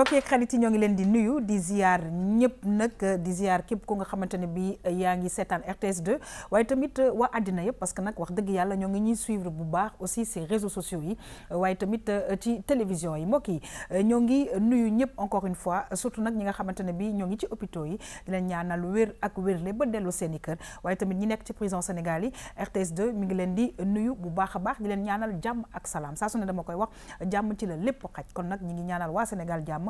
mbokk yeeg xarit yi ñoo ngi leen di nuyu di ziar ñëpp nag di ziar képp ku nga xamante ne bi yaa ngi seetaan RTS 2 waaye tamit wa àddina yëpp parce que nag wax dëgg yàlla ñoo ngi ñuy suivre bu baax aussi ces réseaux sociaux yi waaye tamit ci télévision yi mbokk yi ñoo ngi nuyu ñëpp encore une fois surtout nag ñi nga xamante ne bi ñoo ngi ci hôpitaux yi di leen ñaanal wér ak wérle ba dellu seen i kër waaye tamit ñi nekk ci prison Sénégal yi RTS 2 mi ngi leen di nuyu bu baax a baax di leen ñaanal jàmm ak salaam saa su ne dama koy wax jàmm ci la lépp xaj kon nag ñi ngi ñaanal waa Sénégal jàmm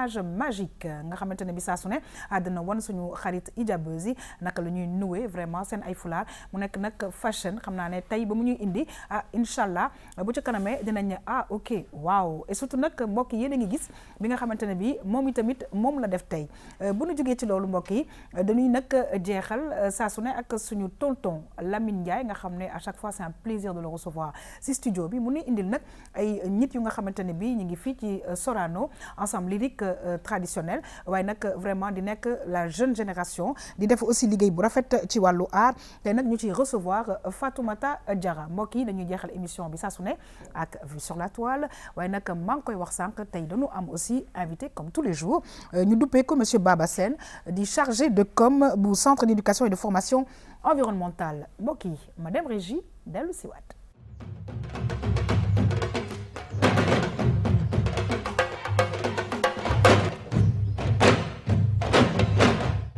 plage magique nga xamantene bi sa suné ne won suñu xarit hijabeuse nak lañuy la nouer vraiment seen ay foulard mu nek nak fashion xamna né tay tey ba ñuy indi ah incha bu ci kanamee dinañ ah ok wow et surtout nak mbokk yi a gis bi nga xamantene bi momi tamit mom la def tay euh, bu ñu joggé ci lolu mbokk yi dañuy nak jéxal euh, sa suné ak suñu tonton Lamine Ndiaye nga xamné à chaque fois c'est un plaisir de le recevoir ci studio bi mu ñuy indil nak ay nit yu nga xamantene bi ñi ngi fi ci euh, Sorano ensemble lyrique euh, traditionnel waaye nak euh, vraiment di que la jeune génération di def aussi ligue bu rafet ci walu art te nak ñu ci recevoir euh, Fatoumata Diarra mbokk yi dañu jéxal émission bi sa suné ak vue sur la toile waaye nak maa koy wax sank tay dañu am aussi invité comme tous les jours ñu duppee ko monsieur Babassène di chargé de comme bu centre d'éducation et de formation environnementale mbokk madame Régie dellu siwaat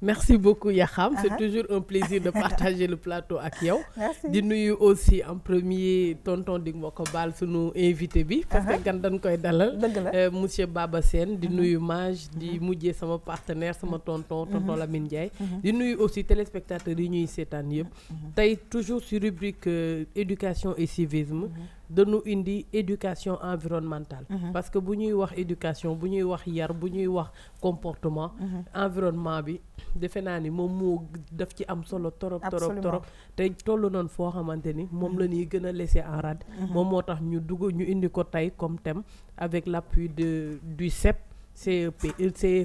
merci beaucoup Yaham, c'est toujours un plaisir de partager le plateau avec yow di nuyu aussi en premier tonton qui nous ma invité bi parce que gan dañ koy dalal euh, monsieur Baba Sen, di nuyu Mage di mujjé sama partenaire sama tonton tonton Lamine Ndiaye di nuyu aussi téléspectateurs yi ñuy année. yëpp toujours sur rubrique euh, éducation et civisme nous indi éducation environnementale mhm. parce que bu ñuy wax éducation bu ñuy wax yar bu wax comportement mhm. environnement bi defe naa ni daf ci am solo torop torop torop te tollu noonu foo xamante ni moom la mhm. a laisser en rade moom moo ñu dugg comme thème avec l'appui de du CEP CEP euh,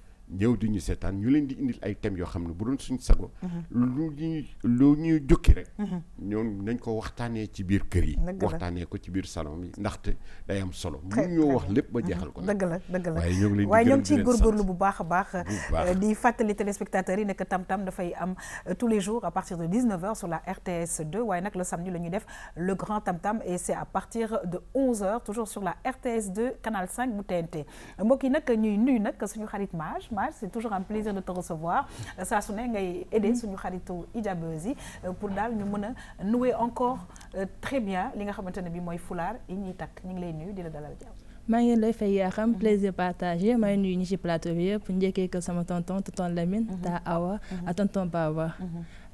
ñëw di ñu seetaan ñu leen di indil ay thème yoo xam ne bu doon suñ sago lu ñuy lu ñuy jukki rek ñoom nañ ko waxtaanee ci biir kër yi waxtaanee ko ci biir salon yi ndaxte day am solo mu ñoo wax lépp ba mhm. jeexal ko dëgg la dëgg la waaye ñoo ngi leen waaye ñoo ngi góorgóorlu bu baax a baax euh, di fàttali téléspectateurs yi nekk tam-tam dafay am euh, tous les jours à partir de 19h sur la RTS 2 waaye nag le samedi la ñuy def le grand tam-tam et c'est à partir de 11h toujours sur la RTS 2 canal 5 bu TNT mbokk yi nag ñuy nuyu nag suñu xarit mage c'est toujours un plaisir de te recevoir ça euh, a sonné ngay aider mm-hmm. suñu xaritu ijabeuse euh, pour dal ñu mën nouer encore euh, très bien li nga xamante bi mooy fulaar yi ñuy takk lay nuyu di la dalal jàmm maa ngi lay fay xam mm-hmm. plaisir partager maa ngi nuyu ñi ci plateau bi yëpp sama tonton tonton Lamine mm-hmm. taa Awa Baba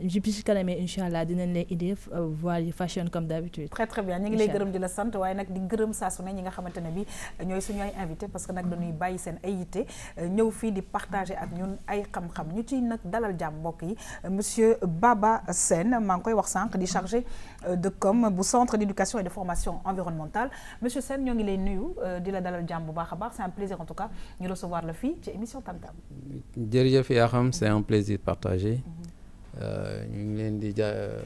ci bi si kanamee incha allah dinañ leen idée euh, voile yi fashion comme d'habitude très très bien ñi ngi lay gërëm di la sant waaye nak di gërëm sa su ne ñi nga xamante bi ñoy suñu ay invité parce que nak dañuy bayyi sen ay yitte euh, ñëw fi di partager ak ñun ay xam-xam ñu ci nak dalal jàmm mbokk yi monsieur Baba sen ma ngi koy wax sank di chargé euh, de com bu centre d'éducation et de formation environnementale monsieur sen ñi ngi lay nuyu di la dalal jàmm bu baax baax c'est un plaisir en tout cas ñu recevoir la fi ci émission Tam Tam jërëjëf ya xam c'est un plaisir partager mm-hmm. Euh, ñu ngi leen di euh,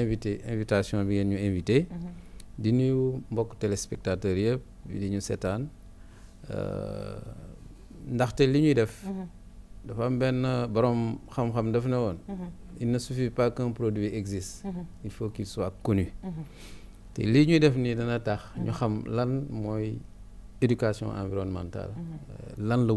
invité invitation bi ngeen ñu invité mhm. di téléspectateurs yëpp di ñu seetaan euh, ndaxte li ñuy def mhm. dafa am borom xam-xam mhm. il ne suffit pas qu'un produit existe il faut qu'il soit connu te li ñuy def nii dana tax ñu xam lan éducation environnementale lan la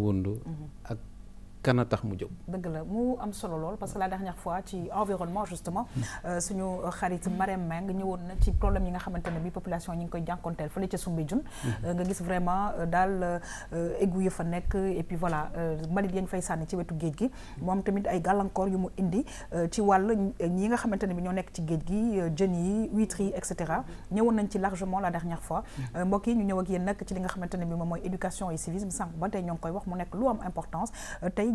kana tax mu jóg. dëgg la mu am solo lool parce que la dernière fois ci environnement justement euh, suñu xarit Marème Meng ñëwoon na ci problème yi nga xamante ne bi population ñi ngi koy jànkonteel fële ca Soumbédioune mhm. euh, nga gis vraiment euh, daal égout ya fa nekk et puis voilà mbalit yañ fay sànni ci wetu géej gi am tamit ay gàllankoor yu mu indi ci wàll ñi nga xamante ne bi ñoo nekk ci géej gi jën yi huîtres yi et cetera ñëwoon nañ ci largement la dernière fois mhm. mbokk yi ñu ñëw ak yéen nag ci li nga xamante ne bi moom mooy éducation et civisme sànq ba tey ñoo ngi koy wax mu nekk lu am importance tey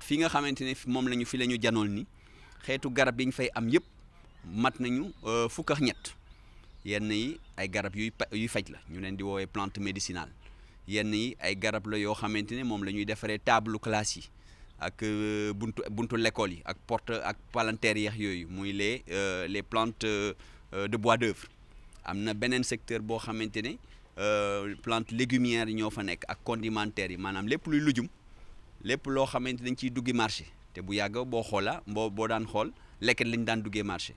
fi nga xamante ne moom la ñu fi la ñu janool ni xeetu garab yi ñu fay am yëpp mat nañu euh, fukk ak ñett yenn yi ay garab yuy yuy faj la ñu leen di woowee plante médicinale yenn yi ay garab la yoo xamante ne moom la ñuy defaree table classe yi ak euh, buntu buntu l'école yi ak porte ak palanteer yeex yooyu muy les euh, les plantes de bois d'œuvre am na beneen secteur boo xamante ne plante légumière yi ñoo fa nekk ak condimentaire yi maanaam lépp luy lujum lépp loo xamante dañ ciy duggi marché te bu yàgg boo xoola mboo boo daan xool leket lañ daan duggee marché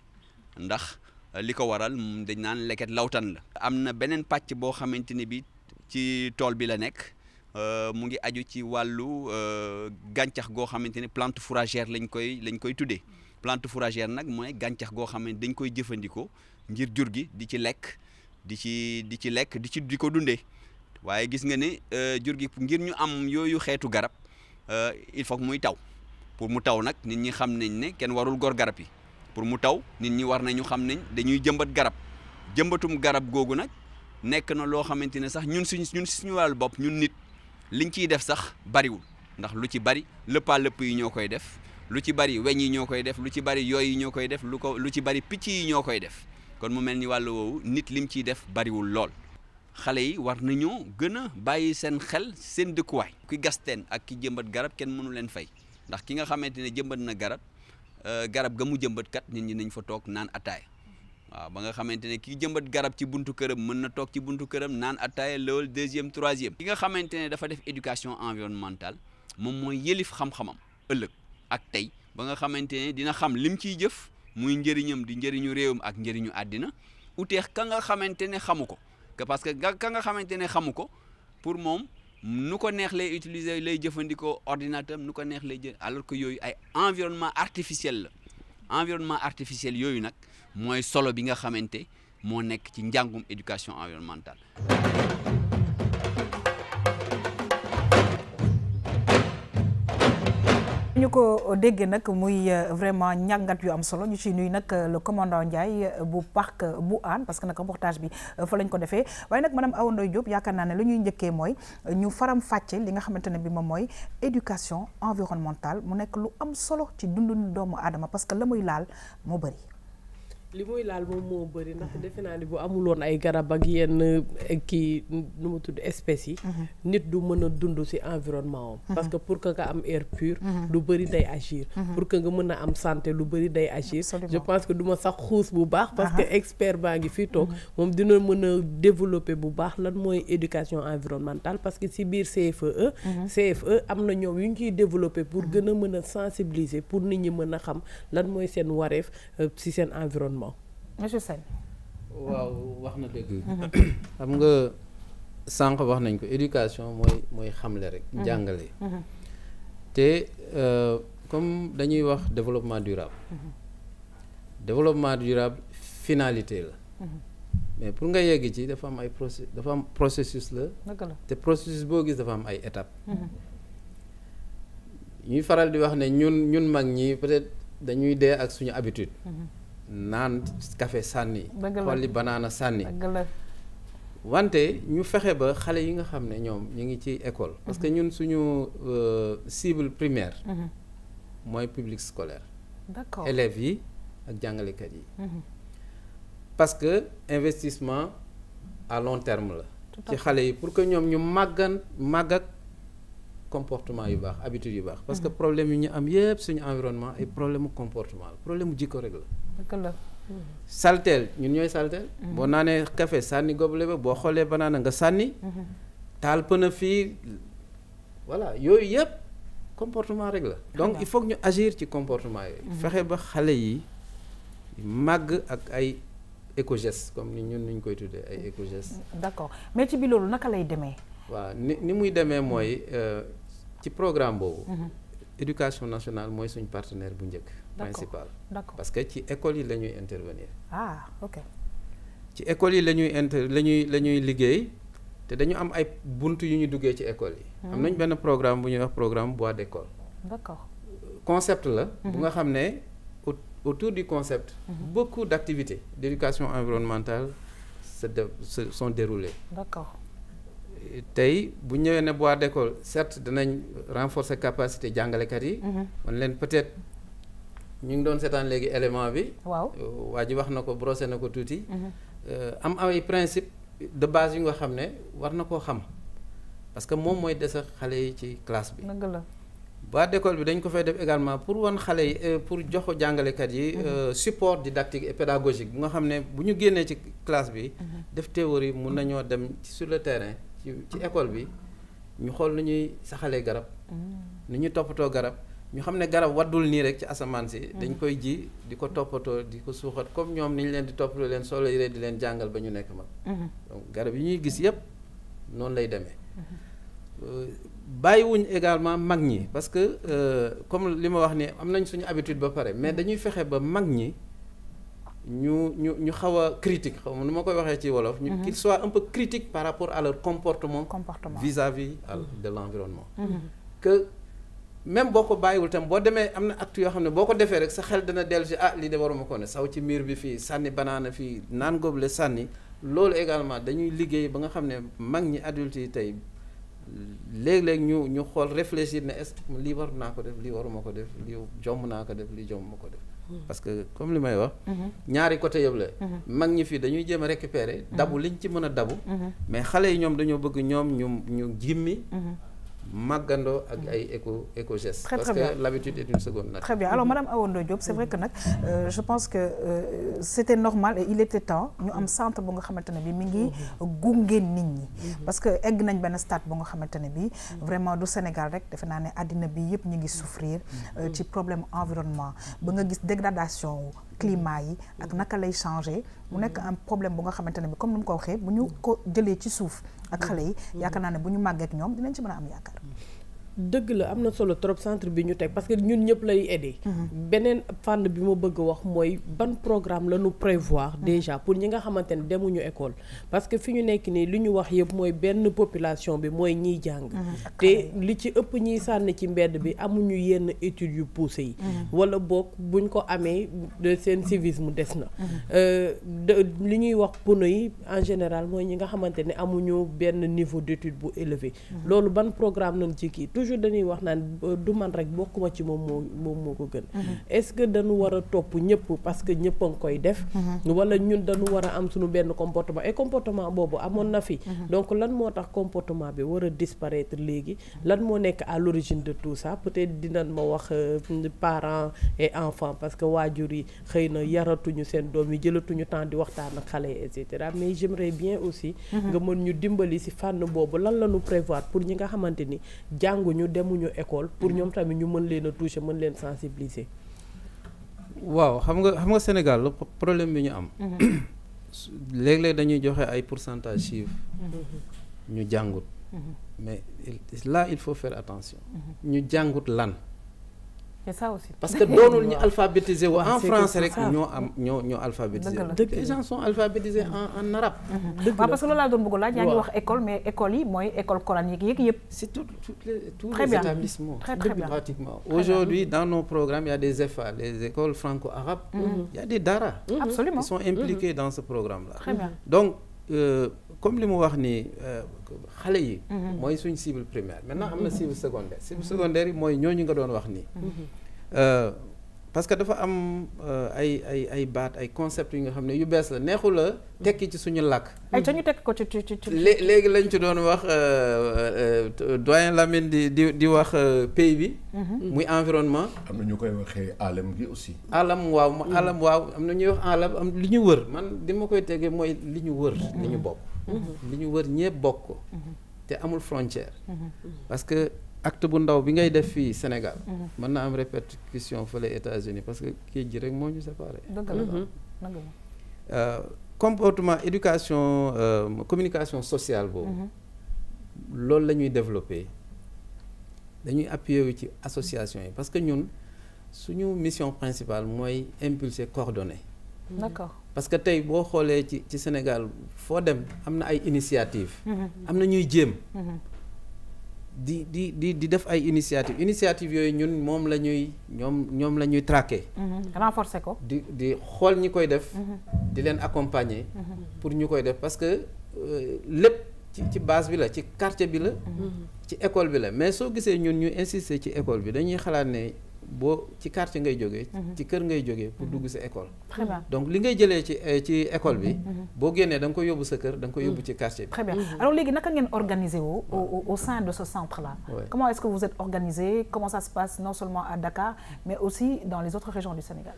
ndax euh, li ko waral mm, dañ naan leket lawtan la. am na beneen pàcc boo xamante ni bi ci tool bi la nekk euh, mu ngi aju ci wàllu euh, gàncax goo xamante ni plante fourragère lañ koy lañ koy tuddee plante fourragère nag mooy gàncax goo xamante dañ koy jëfandikoo ngir jur gi di ci lekk di ci di ci lekk di ci di ko dundee waaye gis nga ne jur gi ngir ñu am yooyu xeetu garab. Euh, il faut muy taw pour mu taw nag nit ñi xam nañ ne kenn warul gor garab yi pour mu taw nit ñi war nañu xam nañ dañuy jëmbat garab jëmbatum garab googu nag nekk na loo xamante ne sax ñun suñ ñun suñu wàllu bopp ñun nit liñ ciy def sax bariwul ndax lu ci bari lëppaa lëpp yi ñoo koy def lu ci bari weñ yi ñoo koy def lu ci bari yooyu ñoo koy def lu ko lu ci bari picc yi ñoo koy def kon mu mel ni wàllu woowu nit lim ciy def bariwul lool xale yi war nañoo gën a bàyyi seen xel seen dëkkuwaay. ki gasteen ak ki jëmbat garab kenn mënu leen fay ndax ki nga xamante ne jëmbat na garab euh, garab ga mu jëmbat kat nit ñi nañ fa toog naan ataaya waaw ba nga xamante ne ki jëmbat garab ci buntu këram mën na toog ci buntu këram naan ataaya lool deuxième troisième. ki nga xamante ne dafa def éducation environnementale moom mooy yëlif xam-xamam ëllëg ak tey ba nga xamante ne dina xam lim ciy jëf muy njëriñam di njëriñu réewam ak njëriñu àddina uteex ka nga xamante ne xamu ko. que parce que quand nga xamante ne xamu pas. pour moi, nous connaissons les lay utiliser lay jëfandikoo ordinateur nous connaissons neex alors que yooyu ay environnement artificiel environnement artificiel yooyu nag mooy solo bi nga xamante moo nekk ci njàngum éducation environnementale ñu ko déggee nag muy euh, vraiment ñàngat yu am solo ñu ciy nuyu nag euh, le commandant Ndiaye euh, bu park bu an parce que nag reportage bi fa lañ ko defee waaye nag madame Awa Ndoye Diop yaakaar naa ne lu ñuy njëkkee mooy ñu faram fàcce li nga xamante bi moom mooy éducation environnementale mu nekk lu am solo ci dundu doomu aadama parce que la muy laal moo bëri li muy laal moom moo bëri ndax defe naa ni bu amuloon ay garab ak yenn eh, kii nu mu tudd espèces yi. Mhm. nit du mën a dund ci environnement am. Mhm. parce que pour que nga am air pur. Mhm. lu bëri day agir. pour que nga mën a am santé lu bëri day agir. je pense que du ma sax xuus bu baax. parce que expert baa ngi fii toog moom dina mën a développer bu baax lan mooy éducation environnementale parce que si biir CFE. CFE am na ñoom yu ñu ciy développer pour gën a mën a sensibiliser pour nit ñi mën a xam lan mooy seen wareef euh, ci seen environnement. monsieur Sène waaw wax na dëgg. Mhm. xam nga sànq wax nañ ko éducation mooy mooy xamle rek. Mhm. jàngale. Mhm. te euh, comme dañuy wax développement durable. développement durable finalité la. mais pour nga yegg ci dafa am ay process dafa am processus la. te processus boo gis dafa am ay étapes. ñuy faral di wax ne ñun ñun mag ñi peut-être dañuy dee ak suñu habitude. naan café sani, xolli banana sani. wante ñu nous ba xalé yi nga xamné ñom ñi ngi ci école parce que mhm. ñun suñu euh, cible primaire moy mhm. public scolaire d'accord élèves yi mhm. parce que investissement à long terme ci pour que nous ñu magan mag ak comportement yu habitude yu parce que problème yi ñu am yépp suñu environnement et problème comportement problème jikko rek salteel ñun ñooy salteel mhm. boo naanee café sànni gobelet ba boo xoolee banaana nga sànni mhm. taal pëna fii voilà yooyu yëpp comportement rek la donc il faut ñu agir ci comportement yooyu mhm. fexe ba xale yi màgg ak ay éco comme ni ñun ni ñu koy tuddee ay éco-gestes d'accord bi loolu naka lay demee waaw ni ni muy demee mooy euh, ci programme boobu éducation nationale mooy suñ partenaire bu njëkk principal parce que ci école intervenir ah ok ci école yi programme programme bois d'école d'accord concept là, bu hmm. autour du concept hmm. beaucoup d'activités d'éducation environnementale se sont déroulées d'accord bois d'école certes renforcer capacité de hmm. peut-être ñu ngi doon seetaan léegi élément bi. waaw waa ji wax na ko brosser na ko tuuti. Mhm. Euh, am ay principe de base yu nga xam ne war na koo xam parce que moom mooy desa xale yi ci classe bi. dëgg la ba d'école bi dañ ko fay def également pour wan xale yi euh, pour jox ko jàngalekat yi. Mhm. Euh, support didactique et pédagogique bu nga xam ne bu ñu génnee ci classe bi. Mhm. def théorie mu nañoo dem sur le terrain ci ci école bi ñu xool nu ñuy saxalee garab. nu ñu toppatoo garab. garab rek ci mm. dañ koy ji comme ñoom leen di également mag parce que euh, comme li ma wax ni am suñu habitude ba mais dañuy fexe ba mag ñu ñu ñu critique xaw wolof. Mm-hmm. qu'il soit un peu critique par rapport à leur comportement. comportement vis-à-vis de l'environnement. Mm-hmm. que même boo ko bàyyiwul tam boo demee am na acte yoo xam ne boo ko defee rek sa xel dana dellu si ah lii de waruma ko ne saw ci miir bi fii sànni banaana fii naan góoble sànni loolu également dañuy liggéey ba nga xam ne mag ñi adultes yi tey léeg-léeg ñu ñu xool réfléchir ne est lii war naa ko def lii waruma ko def lii jom naa ko def li jomm ma ko def hmm. parce que comme li may wax hmm. ñaari côté yëpp la hmm. mag ñi fii dañuy jéem a récupérer dabu liñ ci mën a dabu mais xale yi ñoom dañoo bëgg ñoom ñu ñu jimmi magando ak ay éco éco gestes. très très parce que l'habitude est une seconde nature. très bien alors madame Awondo Diop c'est vrai que nag euh, je pense que euh, c'était normal et il était temps ñu am centre bu nga xamantene bi mi ngi gunge nit ñi. parce que egg nañ benn stade bu nga xamantene bi vraiment du Sénégal rek def na né adina bi yépp ñi ngi souffrir euh, ci problème environnement ba nga gis dégradation climat yi ak mm-hmm. naka lay changer mu nek mm-hmm. un problème bu nga xamante bi comme ni ko waxee bu ñu ko jëlé ci souf ak mm-hmm. xalé yi yaakaar naa ne bu ñu màggee ak ñom dinañ ci mëna am yaakaar dëgg la am na solo trop centre bi ñu teg parce que ñun ñëpp lay aider. beneen fànn bi ma bëgg wax mooy ban programme la ñu prévoir déjà pour ñi nga xamante ne demuñu école parce que fi ñu nekk nii li ñu wax yëpp mooy benn population bi mooy ñiy jàng. Mm-hmm. te li ci ëpp ñiy sànni ci mbedd bi amuñu yenn études yu poussé yi. Mm-hmm. wala boog buñ ko amee de seen civisme des na. Mm-hmm. Euh, li ñuy wax pono yi en général mooy ñi nga xamante ne amuñu benn niveau d'études bu élevé. loolu ban programme lañ ci kii toujours toujours dañuy wax naan euh, du man rek bokkuma ci moom moo moom moo gën mhm. est-ce que dañu war a topp ñëpp parce que ñëpp a ngi koy def mhm. wala ñun dañu war a am suñu benn comportement et comportement boobu amoon na fi mhm. donc lan moo tax comportement bi war a disparaître léegi lan moo nekk à l'origine de tout ça peut-être dinañ ma wax euh, parents et enfants parce que waajur yi xëy na yaratuñu seen doom yi jëlatuñu temps di waxtaan ak xale et cetera mais j'aimerais bien aussi nga mën ñu dimbali ci fànn boobu lan la ñu prévoir pour ñi nga xamante ni jàngu jànguñu demuñu école pour mm-hmm. ñoom tamit ñu mën leen a toucher mën leen sensibiliser. waaw xam nga xam nga Sénégal le problème bi ñu am. Mm-hmm. léeg-léeg dañuy joxe ay pourcentage chiffre mm-hmm. ñu jàngut. mais là il faut faire attention. ñu jàngut lan. Parce que nous sommes alphabétisé en France, rek sommes am Les gens sont alphabétisés en, arabe. Mhm. parce que là, dans le bëgg laaj école mais l'école, yi l'école école coranique C'est tout, tout les, tous établissements. pratiquement. Aujourd'hui dans nos programmes il y a des EFA, les écoles franco-arabes. Mhm. Il y a des DARA. qui Ils sont impliqués mhm. dans ce programme là. Donc euh, comme li mu wax ni euh, xale yi. Mhm. mooy suñ cible primaire maintenant am na mhm. cible secondaire cible secondaire yi mooy ñooñu nga doon wax nii. Mhm. Euh, parce que dafa am euh, ay ay ay baat ay concept yu nga xam ne yu bees la neexul la tekki ci suñu làkk. ñu tekk ko ci ci léegi lañ ci doon wax doyen Lamine di di di wax pays bi. muy environnement. am na ñu koy waxee alam aussi. alam waaw alam waaw am na ñuy wax alam li ñu wër man di ma koy tegee mooy li ñu wër. li ñu bokk. Nous mhm. avons wër ñepp bokk ko mhm. amul frontière mhm. parce que acte bu ndaw bi ngay def fi Sénégal mën na am répercussion fële États-Unis parce que kii ji rek mo ñu séparé euh, comportement éducation euh, communication sociale boobu lool la ñuy développé dañuy appuyer ci association yi parce que ñun suñu mission principale mooy impulser coordonner d'accord parce que tey boo xoolee ci ci Sénégal foo dem am na ay initiative mm-hmm. Mm-hmm. am na ñuy jéem mm-hmm. di di di def ay initiative initiative yooyu ñun moom la ñuy ñoom ñoom la ñuy traquer di di xool ñi koy def di leen accompagner pour ñu koy def parce que euh, lépp ci ci base bi la ci quartier bi la ci école bi la mais soo gisee ñun ñu insister ci école bi dañuy xalaat ne si ci quartier ngay jógee. Mhm. ci kër ngay jógee pour mhm. dugg sa école. très bien donc li ngay jëlee ci eh, ci école bi. Mhm. boo génnee dans vous koy yóbbu sa kër da quartier très bien alors comment naka ngeen organisé au au sein de ce centre là. comment est-ce que vous êtes organisé comment ça se passe non seulement à Dakar mais aussi dans les autres régions du Sénégal.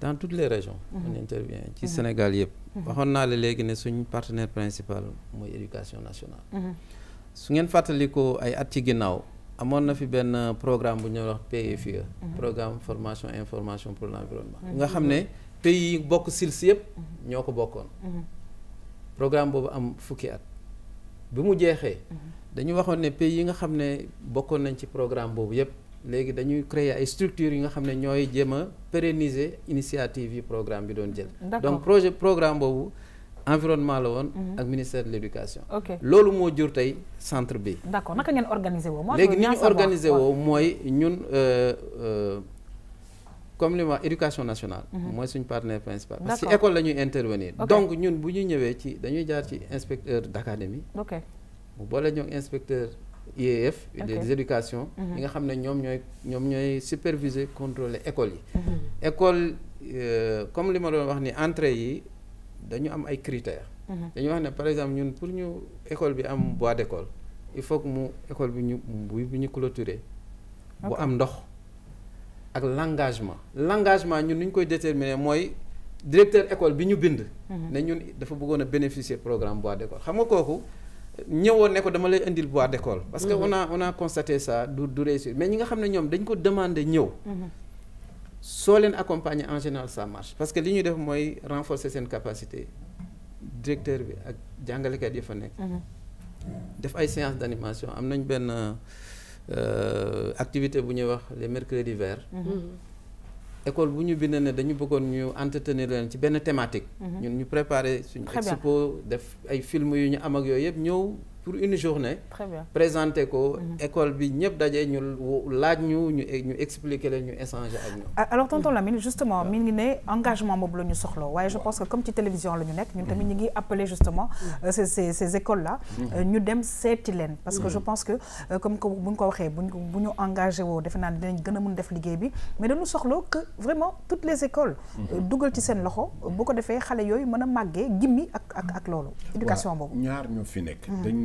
dans toutes les régions. on intervient ci Sénégal Je waxoon naa la léegi partenaire principal mooy éducation nationale. su ngeen fàttalikoo ay at ci ginnaaw. amoon na fi benn programme bu ñuy wax PFIE e. mhm. programme formation information pour l'environnement mhm. nga xam ne pays yi bokk SILS yëpp mhm. ñoo ko bokkoon programme boobu am fukki at bi mu jeexee dañu waxoon ne pays yi nga xam ne bokkoon nañ ci programme boobu yëpp léegi dañuy créer ay structures yi nga xam ne ñooy jéem a pérenniser initiative yi programme bi doon jël donc projet programme boobu environnement la mhm. ak ministère de l'Éducation. ce mo moo tay centre B d'accord, accord naka ngeen organisé wo mooy léegi ni organisé woo ñun euh, euh, comme le éducation nationale. moy mhm. suñu partenaire principal. parce que école lañuy intervenir. donc ñun bu ñu ñëwee ci dañuy jaar ci inspecteur d'académie. académie. ok mu inspecteur IEF. des éducations. yi mhm. nga xamné ñom ñoy ñom ñoy superviser contrôler école yi. école euh, comme li ma doon wax ni entrée yi. dañu am ay critères. Mhm. dañu wax ne par exemple ñun pour ñu école bi am bois d'école il faut que mu école bi ñu bu bi ñu clôturer bu am ndox ak l'engagement l'engagement ñun ni ñu koy déterminer mooy directeur école bi ñu bind mhm. ne ñun dafa bëggoon a bénéficier programme bois d'école xam nga kooku ñëwoon ne ko dama lay indil bois d'école parce que mhm. on a on a constaté ça du du réussir mais ñi nga xam ne ñoom dañ ko demande ñëw soo les accompagner en général ça marche parce que li ñuy def renforcer seen capacité directeur bi ak jàngalekat yi fa nekk. Mhm. def ay séances d'animation. animation am nañ euh, activité bu wax les mercredis verts. Mhm. Mhm. école bu nous bind nous dañu ñu entretenir leen ci ben thématique. ñun ñu préparer suñu expo def ay film yu ñu am ak pour une journée. très bien présenté ko. Mhm. école bi ñep dajé ñu laaj ñu ñu expliquer leen ñu échanger ak ñoom. Ah, alors tonton mhm. Lamine justement mi ngi ne engagement bobu la ñu soxla waaye je pense que comme ci télévision la ñu nekk ñun tamit mhm. ñi ngi appeler justement euh, ces ces ces écoles là. Euh, ñu dem séti leen. parce que je pense que euh, comme que bu ko waxé buñu engagé wo def na ne gëna gën def liggéey bi mais dañu soxlo que vraiment toutes les écoles. dugal ci sen loxo bu ko défé xalé yoy mëna maggé gimmi ak ak ak lolu éducation bobu ñaar ñu fi nekk.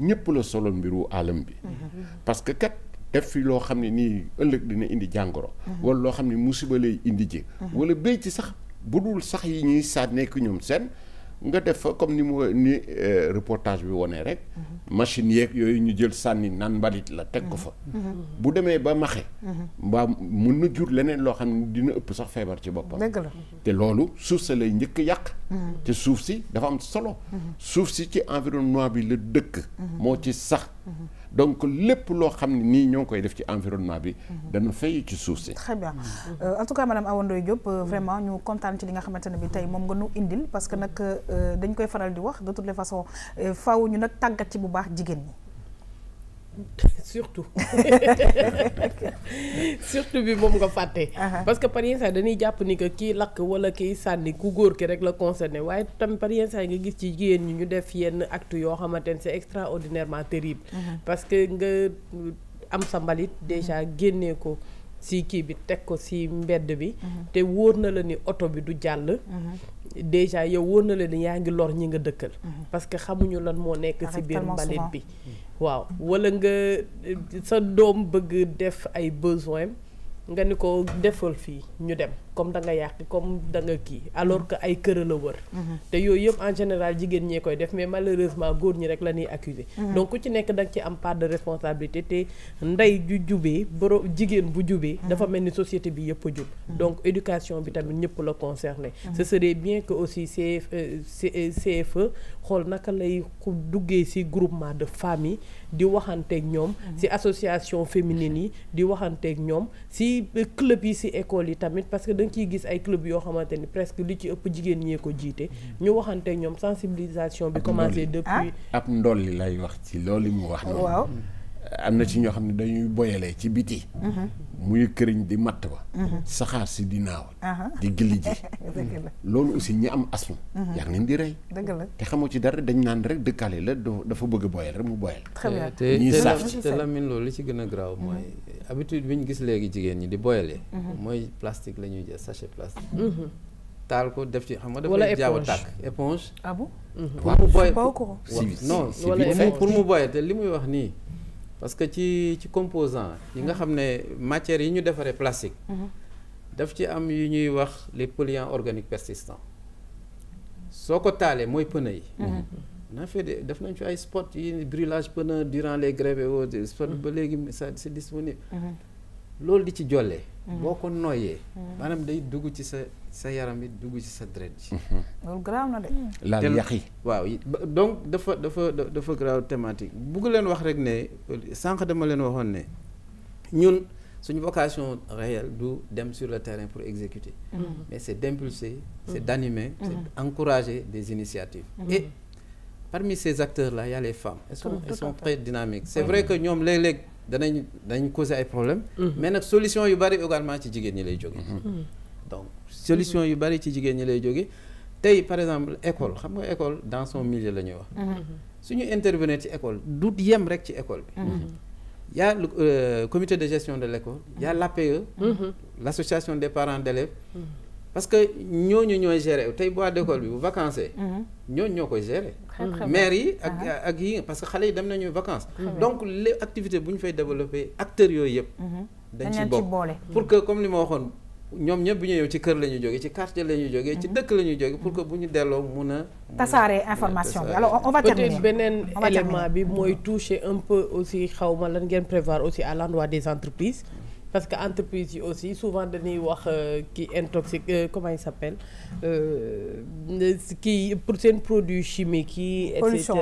ñëpp la solo mbiru alam bi. parce que kat def fi loo xam ne nii ëllëg dina indi jàngoro. wala loo xam ne musiba lay indi ji. wala béy ci sax bu dul sax yi ñuy saat nekk ñoom seen. nga def fa comme ni mu ni eh, reportage bi wonee rek machine yeeg yooyu ñu jël sànni naan mbalit la teg ko fa bu demee ba maxe mbaa mun na jur leneen loo xam ne dina ëpp sax feebar ci boppam te loolu suuf sa lay njëkk yàq mm-hmm. te suuf si dafa am solo mm-hmm. suuf si ci environnement bi la dëkk mm-hmm. moo ci sax donc les loo xam ne nii def ci environnement bi. Mhm. dana fay ci souci. très bien mhm. euh, en tout cas madame Awondo Diop euh, mhm. vraiment ñu comptons ci li nga xamante ne bi tey moom nga nu indil parce que nous euh, dañ koy faral di wax de toutes les façons Faut ñu nag tàggat ci bu baax surtout surtout bi mom nga faté parce que par yenn saa dañuy japp ni que ki lak wala ki sànni ku gor ki rek la concerné waye tamit par yenn saa nga gis ci jigéen ñi ñu def yenn acte yo xamante ne c'est extraordinairement terrible. parce que nga am sa mbalit déjà génnee ko si ki bi tek ko si mbedd bi. té wóor na la ni auto bi du jall déjà yow wóor na la ni yaa ngi lor ñi nga dëkkal. parce que xamuñu lan mo nekk ci biir mbalit bi. Mm. waaw wala nga eh, sa doom bëgg def ay besoin nga ni ko defal fii ñu dem comme da nga yàq comme da nga kii mm-hmm. alors que ay kër la wër. Mm-hmm. te yooyu yëpp en général jigéen ñee koy def mais malheureusement góor ñi rek la ñuy accuser mm-hmm. donc ku ci nekk da nga ci am part de responsabilité te ndey ju jubee borom jigéen bu jubee. dafa mel ni société bi yëpp a jub. donc éducation bi tamit ñëpp la concerné. ce serait bien que aussi CFE e xool naka lay duggee ci groupement de famille di ak ñoom. ci association féminine yi di ak ñoom ci club yi ci école yi tamit parce que. da nga ciy gis ay club yoo xamante ni presque li ci ëpp jigéen ñee ko jiite ñu waxante ñoom sensibilisation bi commencé depuis ah. ab ndolli lay wax ci loolu mu wax noonu waaw am na ci ñoo xam ne dañuy boyale ci biti. Mhm. muy këriñ di matt ba. Mhm. saxaar si di naaw. di gilli ji. loolu aussi ñi am asthme. Mhm. yaa ngi leen di rey. dëgg la te xamoo ci dara dañ naan rek dëkkaale la dafa bëgg a boyal rek mu boyal. te ñuy saaf te Lamine loolu li ci gën a graaw mooy habitude bi ñu gis léegi jigéen ñi di boyale. mooy plastique la ñuy jël sachet plastique. taal ko def ci xam nga dafay jaaw a tàkk éponge. ah bon pour mu boy. non pour mu boyal te li muy wax nii. parce que ci ci composant yi nga xamné matière, yi ñu defaree plastique mhm. daf ci am yu ñuy wax les polluants organiques persistants Soko talé moy mooy pneu yi mhm. mhm. na fait de daf nañ ci ay spots yi brûlage pneu durant les grèves et autres spots ba légui ça c'est disponible lol di ci jolle mm. boko d'où mm. manam day dugg ci sa sa yaram bi dugg ci sa deret ji mm-hmm. loolu garaaw na de mm. la yahi waaw donc dafa dafa dafa graw thématique bugu len wax rek ne sank dama len waxone ñun suñu vocation réelle du dem sur le terrain pour exécuter mais c'est d'impulser c'est d'animer c'est encourager des initiatives et parmi ces acteurs là il y a les femmes elles sont elles sont très dynamiques c'est vrai que ñom léeg-léeg danañ danañ causer ay problème mm-hmm. mais nak solution yu bari également ci jigen ñi lay joggé mm-hmm. mm-hmm. donc solution yu bari ci jigen ñi lay joggé tay par exemple école xam nga école dans son milieu lañuy wax suñu intervenir ci école du yem rek ci école bi il y a le euh, comité de gestion de l'école il y a l'APE l'association des parents d'élèves parce que nous ñoy gérer tay bois d'école bi bu vacancé ñooñu ñoo koy gérer maire ak ah ah. parce que xalé yi dem nañu vacances donc les activités buñ fay développer acteurs yooyu yëpp mhm. dañ ci pour que comme li ma waxoon ñoom ñëpp bu ñu ñëw ci kër lañu les ci quartier lañu joggé ci mhm. dëkk lañu joggé pour mhm. que bu délo mëna mun information alors on va terminer peut-être benen élément bi moy toucher un peu aussi xawma ma lan ngeen prévoir aussi à l'endroit des entreprises parce que entreprises aussi souvent dañuy wax ki euh, intoxique euh, comment il s'appelle euh, euh, qui pour ces produits chimiques, etc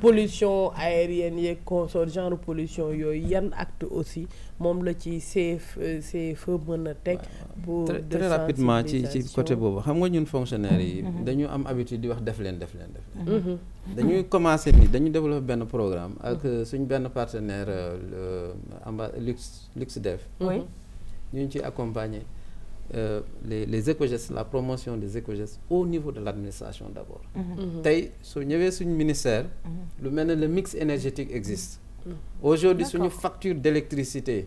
pollution aérienne yeeg consort genre pollution a un acte aussi moom la ci euh, très rapidement ci ci côté boobu xam nga ñun fonctionnaires yi mhm. dañu am habitude di wax def leen def leen def mhm. Mhm. dañuy commencé ni dañu développé un programme avec un partenaire Lux Luxdev ñu ci accompagner euh, les, les éco-gestes la promotion des éco-gestes au niveau de l'administration d'abord mhm. mhm. mhm. Tay, sur ministère le le mix énergétique existe aujourd'hui une facture d'électricité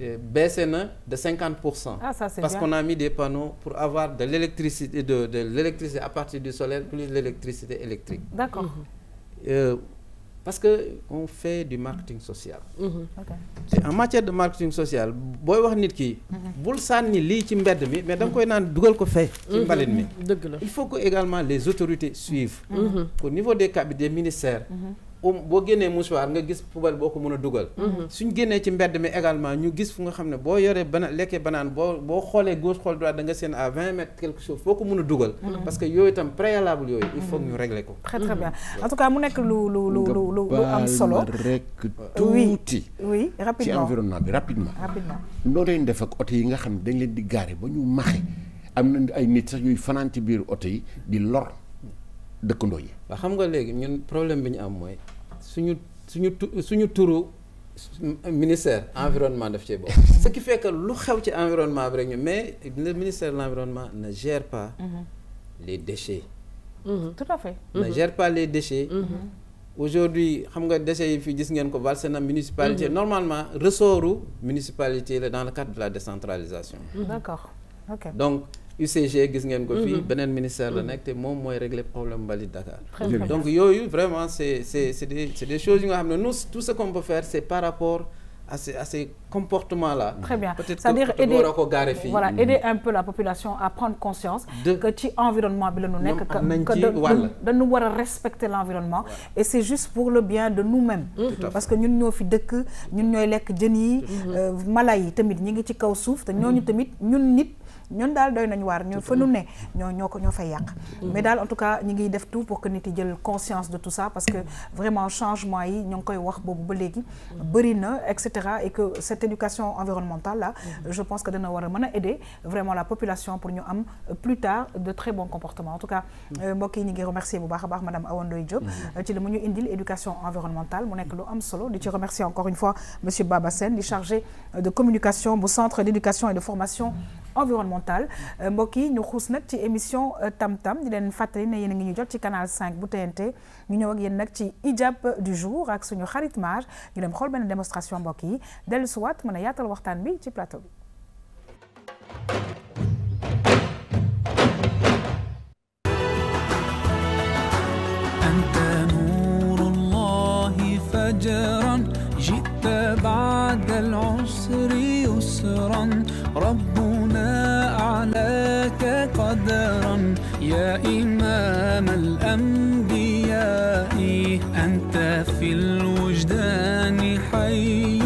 euh, baissé de 50 ah, parce qu'on a mis des panneaux pour avoir de l'électricité de de l'électricité à partir du solaire plus l'électricité électrique d'accord euh, parce que on fait du marketing social. Mhm. en matière de marketing social si wax nit ki. Mhm. bul sànni li ci mbedd mi mais da nga koy naan dugal ko fait ci mhm. mi il faut que également les autorités suivent. au niveau des cabinets des ministères. xum boo génnee mouchoir nga gis poubelle boo ko mën a dugal mhm. suñ génnee ci mbedd mi également ñu gis fu nga xam ne boo yoree bana lekkee banaan boo boo xoolee gauche xool droite da nga seen à vingt quelque chose foo ko mën a dugal parce que yooyu itam préalable yooyu il faut mhm. ñu régler ko très très bien mhm. en tout nekk lu lu lu lu lu am solo rek tuuti oui rapidement ci nga xam dañ leen di gaare ba ñu maxe am na ay nit sax yuy fanaan ci biir oto yi di lor dëkkandoo yi. waaw xam nga léegi ñun problème bi ñu am mooy. suñu suñu suñu turu ministère environnement daf ce qui fait que lu xew ci environnement rek ñu mais le ministère de l'environnement ne gère pas. Mhm. les déchets. Mhm, tout à fait. ne mhm. gère pas les déchets. aujourd'hui xam nga déchets yi fii gis ngeen ko na municipalité normalement ressortu municipalité dans le cadre de la décentralisation. d'accord ok donc. UCG gis ngeen ko fi mhm. benen ministère la mhm. nek té mom moy régler problème de Dakar donc vraiment c'est c'est c'est des choses nous tout ce qu'on peut faire c'est par rapport à ces, comportements-là. Très bien. C'est-à-dire aider, voilà, mhm. aider un peu la population à prendre conscience de, que tu environnement que, que de, de, de, nous respecter l'environnement. Et c'est juste pour le bien de nous-mêmes. Parce que nous, nous sommes que nous sommes les gens qui sont malades, nous sommes les gens qui sont malades, nous sommes nous daal doy ñu fay mm. mais dal en tout cas ñi ngi def tout pour que nous yi jël conscience de tout ça parce que vraiment changement yi ñong koy wax de ba légui mm. et que cette éducation environnementale là mm. je pense que dana war a aider vraiment la population pour ñu am plus tard de très bons comportements en tout cas euh, mbokk yi ñi ngi remercier bu baax a baax madame euh, ci li indil éducation environnementale mu remercie am solo di ci remercier encore une fois monsieur Babassène chargé euh, de communication au centre d'éducation et de formation environnementale départementale euh, mbokk yi ñu xuus nag ci émission euh, Tam Tam di len fàttali ne yéen a ngi ñu jot ci canal 5 bu TNT ñu ñëw ak yéen nak ci ijab du jour ak suñu xarit mage ñu dem xol ben démonstration mbokk yi dellu suwaat mën yaatal waxtaan bi ci plateau bi. فجرا جئت بعد العسر يسرا رب عليك قدرا يا إمام الأنبياء أنت في الوجدان حي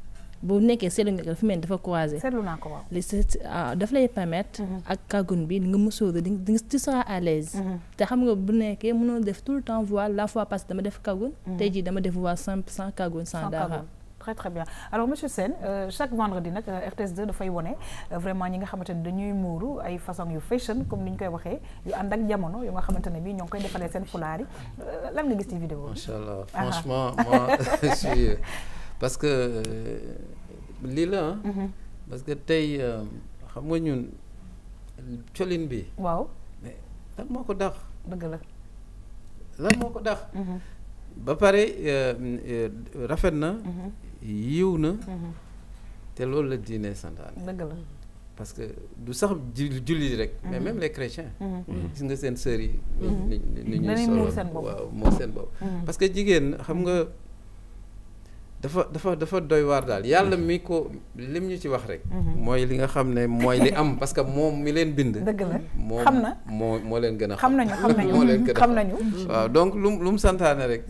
nekkee seetlu nga fi dafa croisé. seetlu naa ko waaw li ah, daf lay permettre. Mhm. ak kagun bi nga à l'aise mhm. xam nga bu tout le temps la fois passée dama def mhm. dama def très très bien alors monsieur Sen, euh, chaque vendredi euh, RTS2 dafay wone euh, vraiment ñi nga xamante dañuy muuru ay façon fashion comme niñ koy waxee yu ànd jamono yu nga vidéo franchement moi parce que euh, lii hein. mhm. parce que tay euh, xam nga ñun cholin bi. waaw mais lan moko dëgg la lan moko mhm. ba pare euh, rafet na. Mhm. yiw loolu la la parce que du sax rek. mais même les chrétiens. gis nga seen waaw parce que jigéen xam nga. dafa dafa dafa doy waar daal yàlla mi ko lim ñu ci wax rek. Mhm. mooy li nga xam ne mooy li am parce que moom mi leen bind. dëgg la xam na moo moo leen gën a. xam nañu xam nañu moo leen gën a xam nañu. waaw donc lu lu mu santaane rek.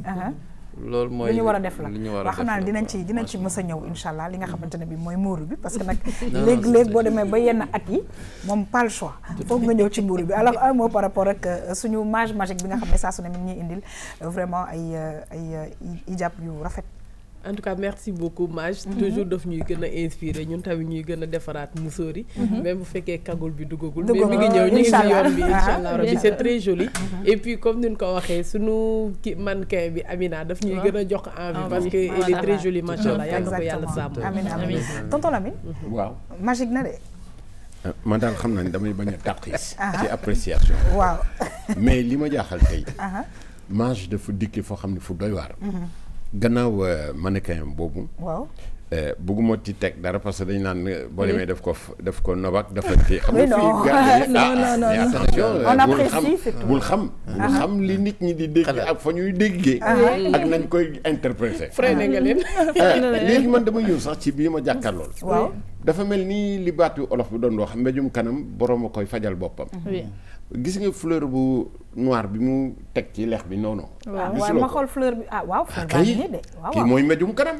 loolu mooy li ñu war a def la waaw xam naa ne dinañ ci dinañ ci mës a ñëw incha allah li nga mm-hmm. xamante ne bi mooy muuru bi parce que nag léeg-léeg boo demee ba yenn at yi moom pas le choix foog nga ñëw ci muuru bi alors un mot par rapport ak euh, suñu mage magique bi nga xam ne saa su ne mi ngi ñuy indil vraiment ay euh, ay euh, ijab yu rafet en tout cas merci beaucoup Maj mhm. toujours daf ñuy gën a inspiré ñun tamit ñuy gëna défarat defaraat yi mhm. même bu fekkee kagul bi duggagul mais mi ngi ñëw ñi ngi yoon bi inshallah rabbi c'est très joli mhm. et puis comme ni ko waxee suñu ki mannequin bi Amina daf ñuy gën a jox envie parce que il est très joli macha allah yàlla ko yàlla sàmm amiin amiin tonton Lamine waaw magique na de euh, man daal xam nañ ne damay bañ a tàqis ah, ah. ci appréciation waaw mais li ma jaaxal tey Maj dafa dikki foo xam ne fu doy waar gannaaw euh, mannequin boobu. waaw Euh, bugguma ci teg dara parce que dañ naan euh, boo demee hmm. daf ko daf ko nobak dafa ci xam nga fii gars yi non non li nit ñi di dégg ak fa ñuy déggee ah, ah. ak nañ koy interpréter freiné nga leen euh, léegi man dama ñëw sax ci bii ma jàkkaar lool dafa mel nii li baatu olof bi doon wax mbéjum kanam borom a koy fajal boppam gis nga fleur bu noir bi mu teg ci lex bi noonu non waaw ah, waaw kii mooy mbéjum kanam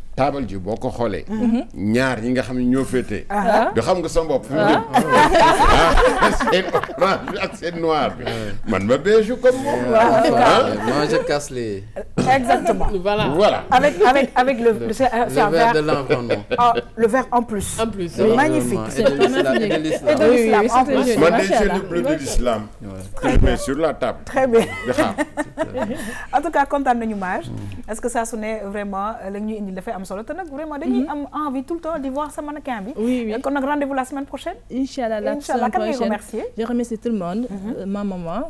table du boko ko mhm. ñaar yi nga xamni ñoo fété ah. du xam nga sa bopp fu mu jëm. Ah. Ah. noir man ma beju comme moi moi je casse les. exactement voilà. voilà avec avec avec le. le, euh, le de l'environnement. ah le verre en plus. en plus c'est magnifique. c'est magnifique man de j'ai le bleu de l'islam. très sur la table. très bien en tout cas kontaan nañu marge, mm. est-ce que ça su vraiment euh, la ñuy indi dafay am solo te nak vraiment dañuy mhm. am envie tout le temps d'y voir sa mannequin bi. oui oui kon nag rendez-vous la semaine prochaine. inshallah allah la semaine prochaine incha je remercie tout le monde. Mhm. Euh, ma maman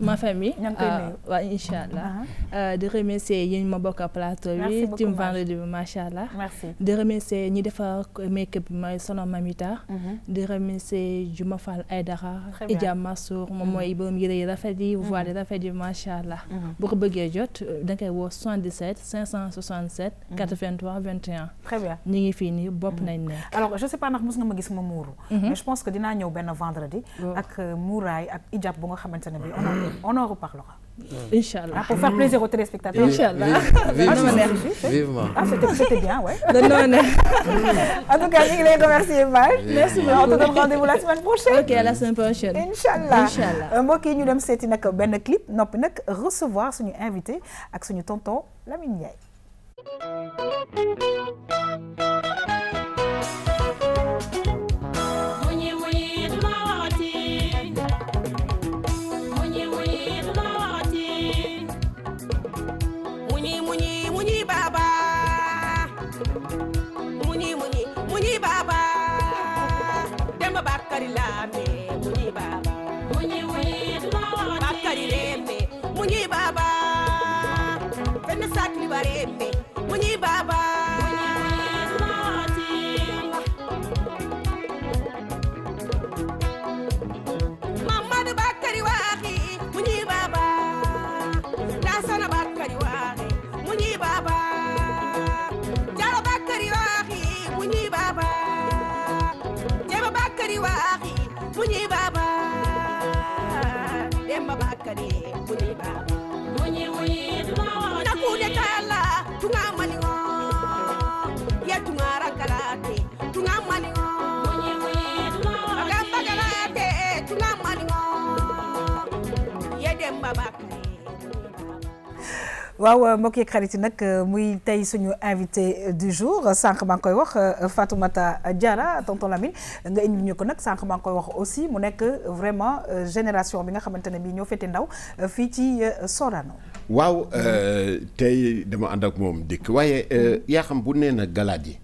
ma famille. Ah, Wa Inshallah. Uh-huh. Euh, De remercier yi ma bokk plateau bi. tim vendredi bi De remercier ñi defar make-up ma mooy sono Mamita. Uh-huh. De remercier Juma Fall Aydara. Idja Massour mom moy uh-huh. borom yére yi rafet yi voile rafet yi machallah bu ko jot da ngay wo 77 567. 83 21. très bien ñi ngi fii nañ alors je sais pas si mos nga ma gis ma mais je pense que dina ñëw ben vendredi. Oh. ak euh, mouray ak ijab bu nga on en reparlera. Mm. Inch'Allah. Ah, pour faire plaisir aux téléspectateurs. Inch'Allah. Ah, hein. Vivement. Ah, c'était bien, ouais. Non, non, en tout cas, il est remercié, Mal. Merci beaucoup. On te donne rendez-vous la semaine prochaine. Ok, à la semaine prochaine. Inch'Allah. Inch'Allah. mot qui ñu dem c'est nag benn clip nous nag recevoir suñu invité ak suñu tonton Lamine Ndiaye. varembe munyibaba waaw euh, mbokk yeeg xarit yi nag euh, muy tey suñu invité du jour sànq maa koy wax euh, Fatoumata Diarra tonton Lamine nga indi ñu ko nag sànq maa ngi koy wax aussi mu nekk vraiment génération bi nga xamante ne bii ñoo féete ndaw fii ci Sorano. waaw tey dama ànd ak moom dikk waaye mm-hmm. yaa xam bu nee na Galadi.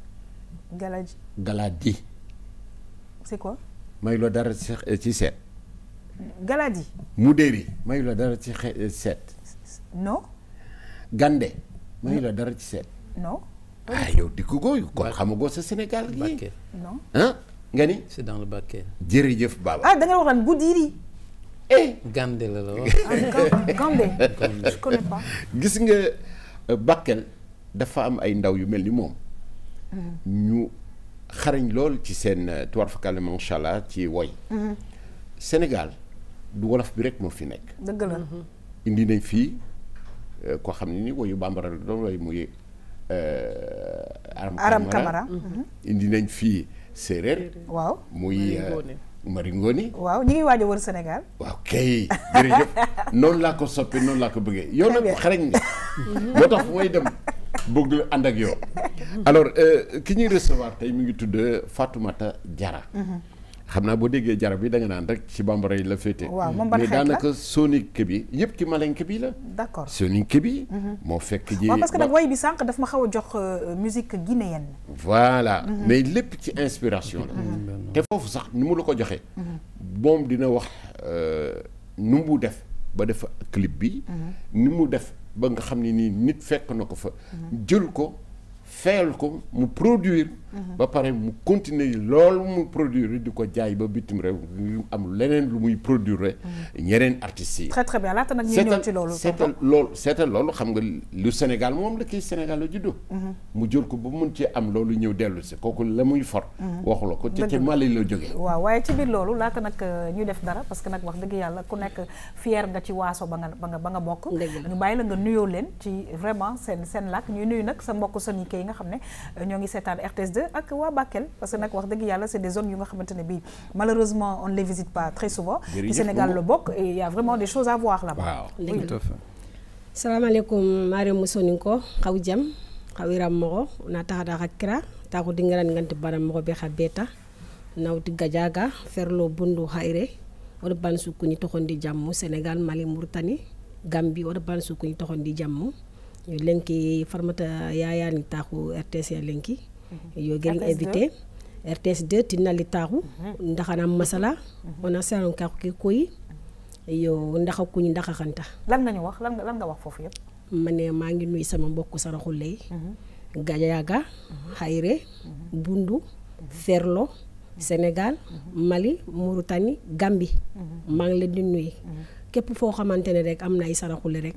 Galadi. Galadji. c'est quoi. may la dara ci ci Galadi. Galadji. mu déri may la dara ci seet. non. Gande mais non. ah Sénégal non Hein? c'est dans le Bakel. Jeff Baba. ah da nga de Goudiri. eh ah, Gande Gande je connais pas. nga euh, Bakel am ay ndaw yu mm-hmm. ñu lool ci euh, mm-hmm. Sénégal du wolof bi mm-hmm. indi koo xam ne ni woyu bambara la doon woy muy euh, aram kamara mm-hmm. indi nañ fii séeréer waaw muy maringoni euh, waaw ñu ngi waaj a wër senegal waaw kay jërëjëf noonu laa ko soppee noonu laa ko bëggee yow nag ko xarañ nga mm-hmm. moo tax mooy dem bëgg ànd ak yow alors euh, ki ñuy recevoir tey mi ngi tudd Fatoumata Diarra mm-hmm. xamna bo boo déggee jarab bi da nga nan rek ci bambara yi la féete. waaw moom ban xeet la mais daanaka soninke bi yépp ci malenke bi la. d'accord accord soninke bi. Mhm. mo fekk ji waaw parce que nag way bi sank daf ma xawa jox euh, musique guinéenne. voilà mhm. mais lépp ci inspiration la. Mhm. te foofu sax ni mu la ko joxee. moom dina wax euh mu def ba def clip bi. ni mu def ba nga xamni ni nit fekk nako fa. jël ko feyal ko mu produire. Mhm. ba paré mu continuer yi mu produire diko ko jaay ba bitim rew mu am leneen lu muy produire mhm. ñeneen artistes très très bien laata nak ñuy ñëw ci loolu. seetal loolu seetal loolu xam nga le Sénégal mom la kii Sénégal la juddoo. Mhm. mu jur ko ba mun ci am loolu ñëw delu si kooku la muy for. waxu lako ko ci Mali la jógee. waaw waaye ci biir loolu laata nak euh, ñu def dara parce que nak wax deug yalla ku nek fier nga ci waso ba nga ba nga bok nga bokk. ñu bàyyi nga nuyo len ci vraiment seen seen làkk ñu nuyu nak sa mbokk sonika kay nga xamné ne euh, ñoo RTS 2 ak wa Bakel parce que nak wax deug yalla c'est des zones yu nga xamantene bi malheureusement on ne les visite pas très souvent le Sénégal le bokk et il y a vraiment des choses à voir là-bas Salam salaamaaleykum mario musoninko xaw jam xaw ram moxo na taxada xa kra taxu beta nawti gajaga ferlo bundu xayre oɗo ban sukkuñi di sénégal mali mauritanie gambi oɗo ban di toxondi jammu lenki farmata ni taxu rtc lenki Mm-hmm. yo guerin invité rts 2 tinnali taxu mm-hmm. ndaxanam masala mm-hmm. ona saran kaku ke koyi yo ndaxa kuñ ndaxa xanta lan nañu wax lan nga wax foofu yëpp ma ne maa ngi nuy sama mbokk saraxule yi Gadiaga Xayre Bundu Ferlo Sénégal Mali Mauritanie Gambie maa ngi leen di nuy képp foo xamante ne rek am na ay saraxule rek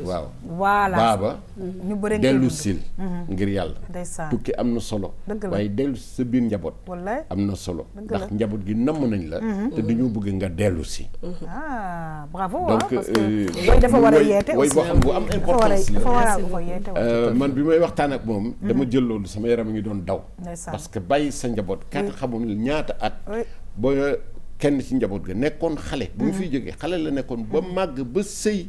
waaw voilà baaba mhm. ñu bëri dellu sil mhm. ngir yàlla tukki am na solo waaye dellu sa biir njaboot am na solo ndax njaboot gi namm nañ la mhm. te duñu bëgg nga dellu si ah bravo donc euh, dafa war a yeete la euh, man bi may waxtaan ak moom dama jël loolu sama yaram ngi doon daw parce que bàyyi sa njaboot kat xamul ñaata at ba kenn ci njaboot gi nekkoon xale bu mu fiy jógee xale la nekkoon ba màgg ba sëy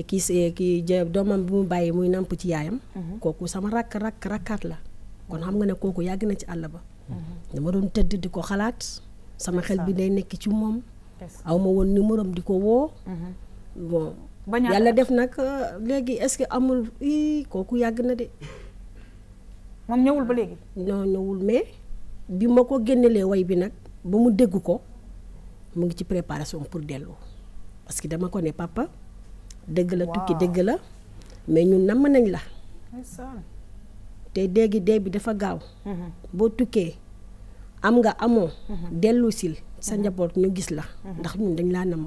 te kii see kii doomam bi mu bàyyi muy namp ci yaayam. Mhm. kooku sama rakk rakk rakkaat la. kon xam nga ne kooku yàgg na ci àll ba. Mhm. dama doon tëdd di ko xalaat. sama xel bi day nekk ci moom. aw ma woon numéro di ko woo. Mhm. bon yàlla def nag euh, léegi est-ce que amul ii kooku yàgg na de. moom ñëwul ba léegi. non ñëwul mais bi ma ko génnelee woy bi nag ba mu dégg ko mu ngi ci préparation pour dellu parce dama ko ne papa. dëgg la tukki dégg la mais ñun namm nañ la te déggi dee bi dafa gaaw mhm. boo tukkee am nga amoo mhm. dellusil sa mhm. njaboot ñu gis la ndax ñun dañ laa namm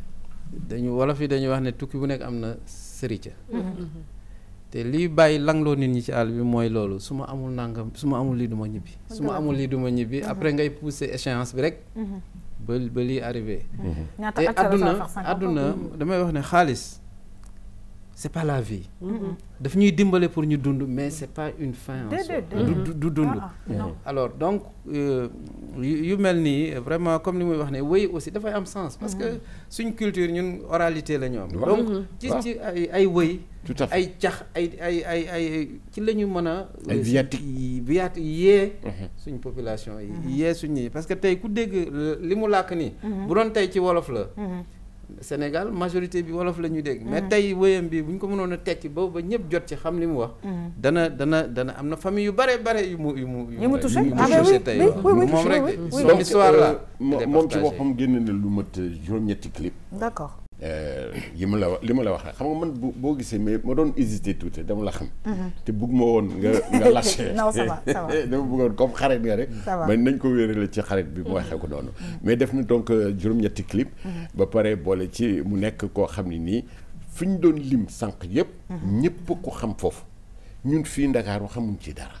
dañu wala fi dañu wax ne tukki bu nekk am na sëricë mm-hmm. te liy bàyyi langloo nit ñi ci àll bi mooy loolu su amul nangam su amul lii du ma ñibbi amul lii du ma ñibbi mm-hmm. après ngay pousser échéance bi rek mm-hmm. ba ba lii arrivé te adduna adduna damay wax ne xaalis c'est pas la vie. daf ñuy pour nous dund mais c'est pas une fin en soi ah, ah, alors donc euh, yu vraiment comme nous wax aussi sens parce que c'est mm-hmm. une culture une oralité donc mm-hmm. ci ay ay ay ay ay ci a mm-hmm. population yi c'est parce que tey ku dégg euh, les bu wolof Sénégal majorité bi wolof la mais mm-hmm. tay bi buñ ko mënon tekki ba ba jot ci xam li wax. Mm-hmm. dana dana dana amna yu bare bare yu mu yu mu. mu touché moom rek. histoire euh, la ci vous na lu euh, clip. d'accord. Euh, yi ma la wax li ma la wax xam nga man boo gisee mais ma doon hésité tuuti dama la xam. Mhm. te bëgg ma woon nga nga lâché. non ça va ça va dama bëggoon comme xarit nga rek. mais nañ ko wéerale ci xarit bi mu waxee ko mhm. noonu. Mhm. mais def na donc euh, juróom-ñetti clip. ba pare boole ci mu nekk koo xam ne nii fi ñu doon lim sànq yëpp. ñëpp ko xam foofu ñun fii Ndakaaru xamuñ ci dara.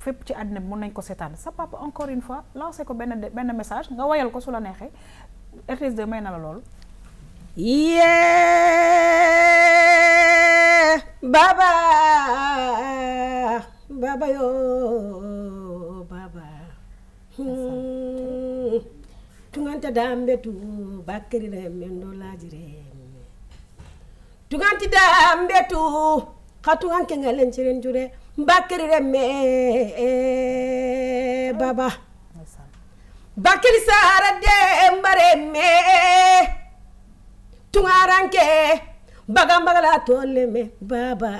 fépp ci àddina bi mën nañ ko seetaan sa papa encore une fois lancé ko benn benn message nga wayal ko su la neexee RTS may na la loolu yee baba baba yoo baba hmm, tuganta dambetu bakkiri remen ɗo laaji remme tuganti dambetu xa tuganke ngalen ciren jure Bakary Reme eh, baba Bakary Sara Demba Reme tungaranke bagambagala tolle me baba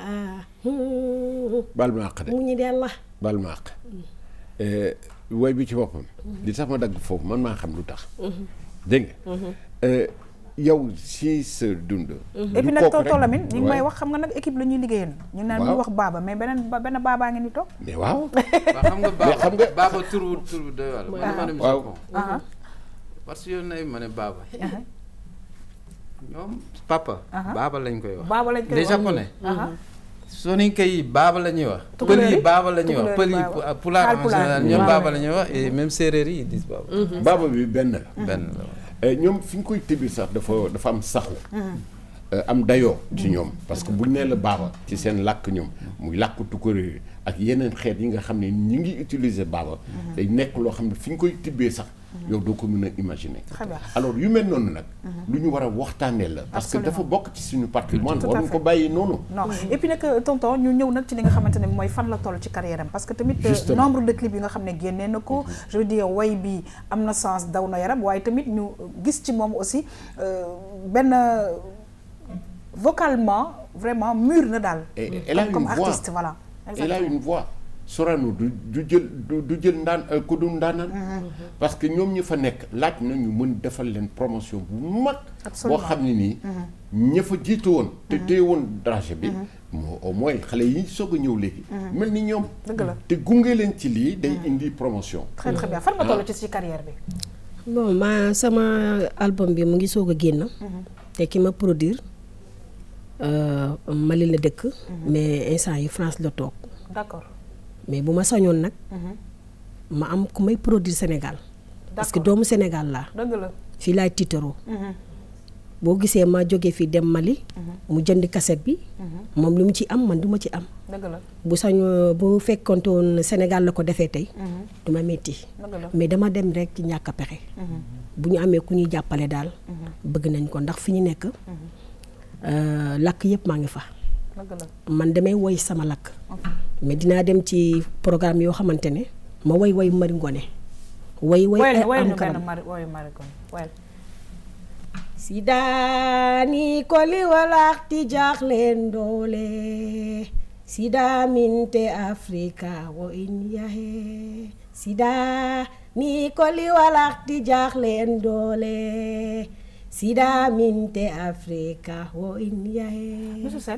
bal de mu ñi de la eh, way bi ci boppam mm-hmm. li tax ma dagg foofu man maa xam lu tax mm-hmm. dégg yow si sa dund. Mhm. et puis nag tonton Lamine ñu may wax xam nga nag équipe la ñuy liggéeyal. ñu naan ñu wax baaba mais beneen benn baabaa ngeen di toog. mais waaw. xam nga baaba xam nga baaba turu turu doy waar. waaw waaw parce que yow nay ma ne baaba. ñoom papa. baaba lañ koy wax. baaba lañ koy wax les mhm. yi baaba la ñuy wax. pël yi baaba la ñuy wax pël yi ñoom baaba la ñuy wax et même séeréer yi ils disent baaba. Mhm. baaba bi benn benn la. Euh, ñoom fi ñu koy tibbi sax dafa dafa am saxu euh, am dayoo ci ñoom parce que bu nee la baaba ci seen làkk ñoom muy làkk tukulëër ak yeneen xeet yi nga xam ne ñu ngi utiliser baaba mm-hmm. day nekk loo xam ne fi ñu koy tibbee sax yow doo ko mën a imaginer alors yu mel noonu nag mhm. lu ñu war a waxtaanee la parce que dafa bokk ci suñu patrimoine waruñu ko bàyyi non. non mhm. et puis nag euh, tonton ñu ñëw nag ci li nga xamante ne mooy fan la toll ci carrière am parce que tamit euh, nombre de clips yi nga xam ne génnee mhm. je veux dire way bi am na sens daw na yaram tamit ñu gis ci moom aussi ben vocalement vraiment mûr na daal comme artiste voilà elle a une voix Sorano du du jël du jël ndaan euh, ko du ndaanaan mm-hmm. Mm-hmm. parce que ñom ñu fa nek laaj na ñu mën defal leen promotion bu mag bo xamni ni nii mm-hmm. fa jiitu won te téye won drage bi au moins xalé yi soga a ñëw léegi mel ni ñoom te gunge leen ci li day indi promotion très très bien fan nga ah. toll ci ci carrière bi bon ma sama album bi mu ngi soga a génn te ki ma produire euh la dekk mais instant yi France la tok d'accord mais bu ma sañoon nag. Mhm. ma am ku may produit Sénégal. parce que doomu Sénégal laa. la fii laay tiitaroo. Mhm. boo gisee ma jóge fii dem Mali. Mhm. mu jënd kaset bi. moom lu mu ci am man du ma ci am. dëgg bu sañoo bu fekkoonte woon Sénégal la ko defee tey. du ma métti. mais dama dem rek ñàkk pexe. bu ñu amee ku ñuy jàppale daal. bëgg nañ ko ndax fi ñu nekk. Euh, làkk yëpp maa ngi fa. man damay woy sama lakk. mais dinaa dem ci programme yoo xamante ne ma woy woy Marie Ngoné. woy woy am kanam si daani koli walaxti jaxlen doole sida minte afrika wo in doole sida minte afrika wo in yahe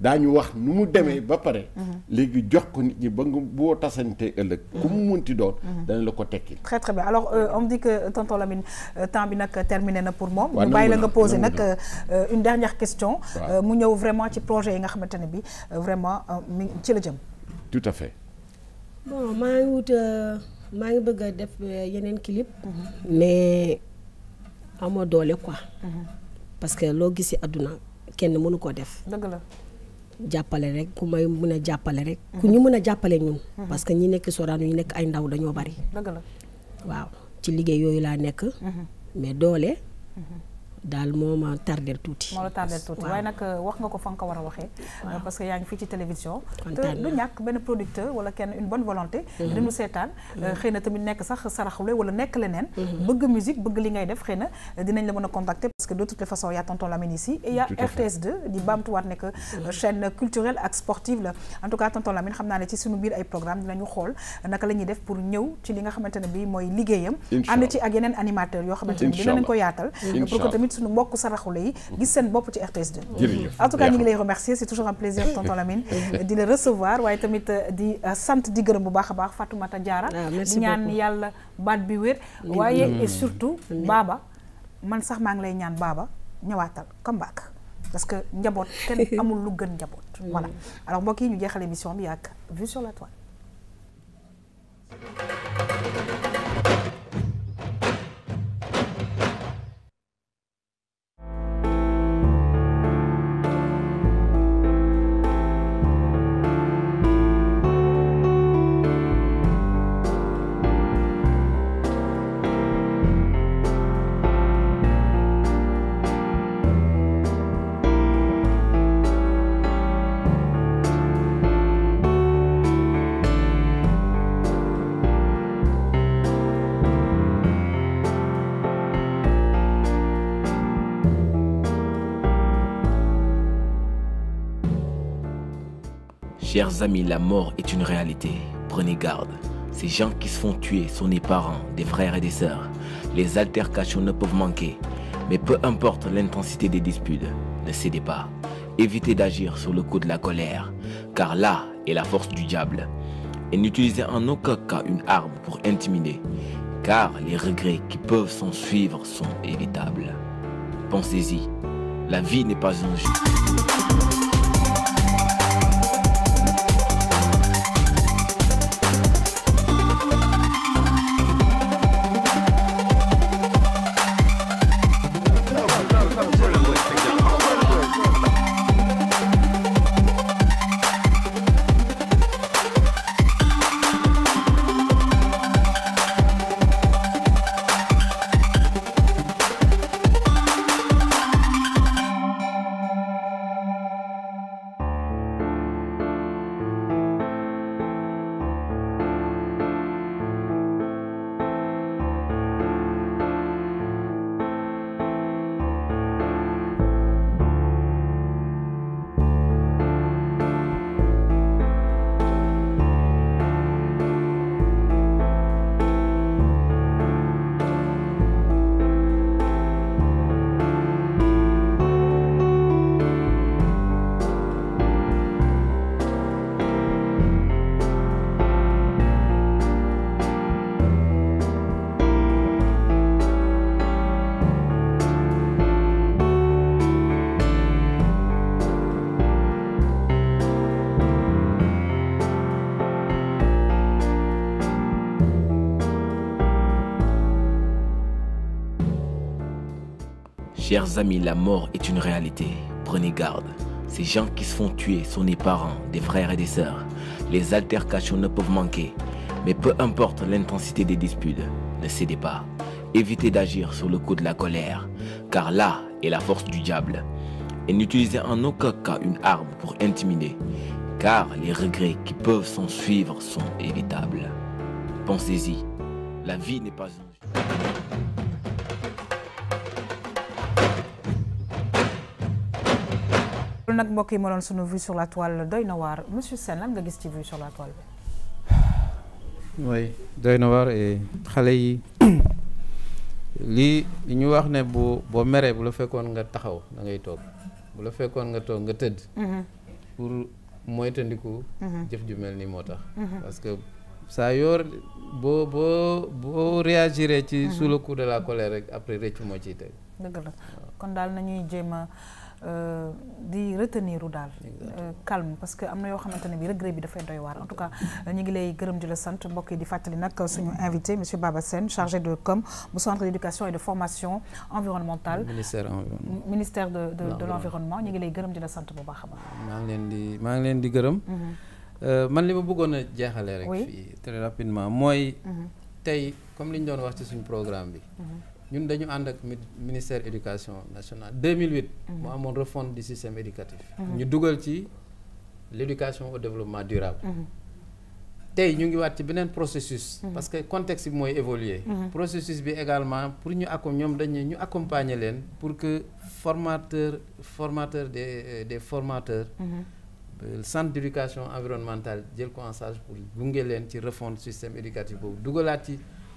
dañu wax nu mu démé mm-hmm. ba paré mm-hmm. légui jox ko nit ñi ba nga boo tasante ëllëg. ku mu mm-hmm. munti doon. dana la ko tekki. très très bien alors euh, on dit que euh, tonton Lamine euh, temps bi nak terminé na pour moom. ñu bàyyi la nga posé nag euh, une dernière question. mu ñëw vraiment ci projet yi nga xamante ne bi vraiment mi ci la jëm. tout à fait. bon ma ngi wut ma ngi bëgg def yeneen clip. mais amoo doole quoi. parce que lo gisi aduna kenn mënu ko def. dëgg la. jàppale rek ku may mun a jàppale rek. ku mhm. ñu mën a jàppale ñun. Mhm. parce que ñi nekk Sorano ñu nekk ay ndaw dañoo bari. dëgg la waaw ci liggéey yooyu laa nekk. Mhm. mais doole. daal moo ma tardel tuuti. moo la tardel tuuti euh, wax nga ko fa nga ko war a euh, parce que yaa ngi fii ci télévision. te du ñàkk benn producteur wala kenn une bonne volonté. Mm-hmm. dañu seetaan euh, mm-hmm. xëy na tamit nekk sax saraxulé wala nek lenen mm-hmm. bëgg musique bëgg li ngay def xeyna dinañ la mëna contacter. parce que de toute façon ya Tonton Lamine ici. et ya RTS2 di bamtu wat nek chaîne culturelle ak sportive la. en tout cas Tonton Lamine xamna né ci suñu bir ay programme dinañu xol nak lañuy def pour ñëw ci li nga xamantene bi moy ligéyam and ci ak yenen animateur yo xamantene ne dinañ ko yaatal. pour que tamit tamit suñu mbokk saraxule yi gis seen bopp ci RTS 2 en tout cas ñu ngi lay remercier c'est toujours un plaisir tonton Lamine di la recevoir waye tamit euh, di euh, sante di gërëm bu baax a baax Fatoumata diara ah, di ñaan yàlla baat bi wér waye et surtout Baba, man sax ma ngi lay ñaan baba ñëwaatal come back parce que njaboot kenn amul lu gën njaboot voilà mm. alors mbokk yi ñu jeexal émission bi ak vue sur la toile Chers amis, la mort est une réalité. Prenez garde. Ces gens qui se font tuer sont des parents, des frères et des sœurs. Les altercations ne peuvent manquer. Mais peu importe l'intensité des disputes, ne cédez pas. Évitez d'agir sur le coup de la colère, car là est la force du diable. Et n'utilisez en aucun cas une arme pour intimider, car les regrets qui peuvent s'en suivre sont évitables. Pensez-y, la vie n'est pas un jeu. Chers amis, la mort est une réalité. Prenez garde. Ces gens qui se font tuer sont des parents, des frères et des sœurs. Les altercations ne peuvent manquer. Mais peu importe l'intensité des disputes, ne cédez pas. Évitez d'agir sur le coup de la colère, car là est la force du diable. Et n'utilisez en aucun cas une arme pour intimider, car les regrets qui peuvent s'en suivre sont évitables. Pensez-y, la vie n'est pas un... loolu nag mbokk yi ma doon sunu vue sur la toile doy na monsieur Sène lan nga gis ci vue sur la toile oui doy na waar xale yi lii ñu wax ne bo boo meree bu la fekkoon nga taxaw da ngay toog bu la fekkoon nga toog nga tëdd. Mhm. pour moytandiku. Mhm. jëf ju mel nii moo tax. Mhm. parce que saa yoor boo bo bo réagiré ci. sous le coup de la colère rek après rëccu moo ciy teg. dëgg la kon daal nañuy jéem euh, di retenir daal. Euh, calme parce que amna yo xamantene ne bi regret bi doy war en tout cas ñi ngi lay gëreum di la santé, mbokk di fatali nak suñu invité monsieur Baba Sen chargé de com au centre d'éducation et de formation environnementale. ministère de de de l'environnement ñi ngi lay gëreum di la santé, bu baax a baax. maa ngi leen di maa ngi leen di gërëm. Mhm. Euh, man li ma bëggona jéxalé rek. fi très rapidement moy mhm. tay comme li ñu doon wax ci suñu programme bi. Mhm nous avons le le ministère l'Éducation nationale En 2008. nous avons refonte du système éducatif. Nous mhm. avons ci l'éducation au développement durable. Nous nous avons un processus. Mhm. parce que le contexte a évolué. Le processus est également pour nous accompagner pour que les formateurs des euh, des formateurs. Mhm. Euh, centre d'éducation environnementale jël conseil pour refondre nous ci refonte système éducatif Nous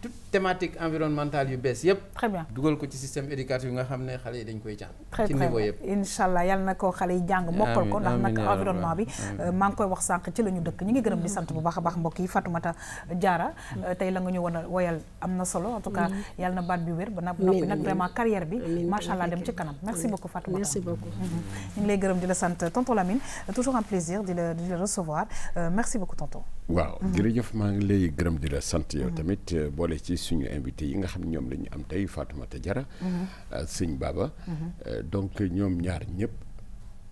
toute thématique environnementale yu bees yep très bien dugal ko ci système éducatif nga xamné xalé yi dañ koy jàng. ci niveau yep incha allah yal na ko xale yi jàng mokkal ko ndax nag environnement bi euh, maa ngi koy wax sank ci lañu dëkk ñi ngi gërëm di sant bu baax baax mbokk yi Fatoumata Diarra euh, tay la nga ñu wonal a woyal am solo en tout cas yalla na baat bi wër ba nag noppi nag vraiment carrière bi machallah dem ci kanam merci beaucoup Fatoumata merci beaucoup mhm. ñi ngi lay gërëm di la sante tonton Lamine euh, toujours un plaisir di le recevoir merci beaucoup tonton waaw ah. jërëjëf maa ngi lay gërëm di la sant yow mm-hmm. tamit euh, boole ci suñu invité yi nga xam ñoom la am tey Fatoumata Diarra mm-hmm. euh, sëñ Baba mm-hmm. euh, donc ñoom ñaar ñëpp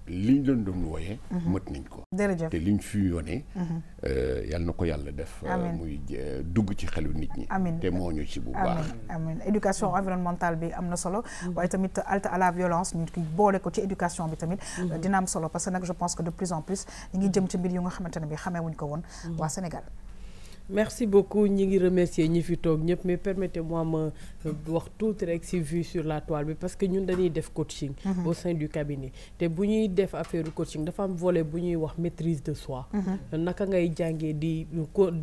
liñ doon doon wooyee. Mhm. mët nañ ko. te liñ fi yónnee. Mhm. Euh, yal na ko yàlla def. Euh, muy euh, dugg ci xelu nit ñi. te moo ñu ci bu baax. amiin éducation mhm. environnementale bi am na solo. waaye tamit halte à la violence ñu ki boole ko ci éducation bi tamit. dina am solo parce nag je pense que de plus en plus ñu ngi jëm ci mbir yu nga xamante ne bi xamee wuñ ko woon waa Sénégal. merci beaucoup ñi ngi remercier ñi fi toog mais permettez-moi ma euh, wax tuuti rek ci vue sur la toile parce que ñun dañuy def coaching mhm. au sein du cabinet te bu ñuy def affaire coaching dafa am volet bu wax maîtrise de soi mhm. naka ngay jàngee di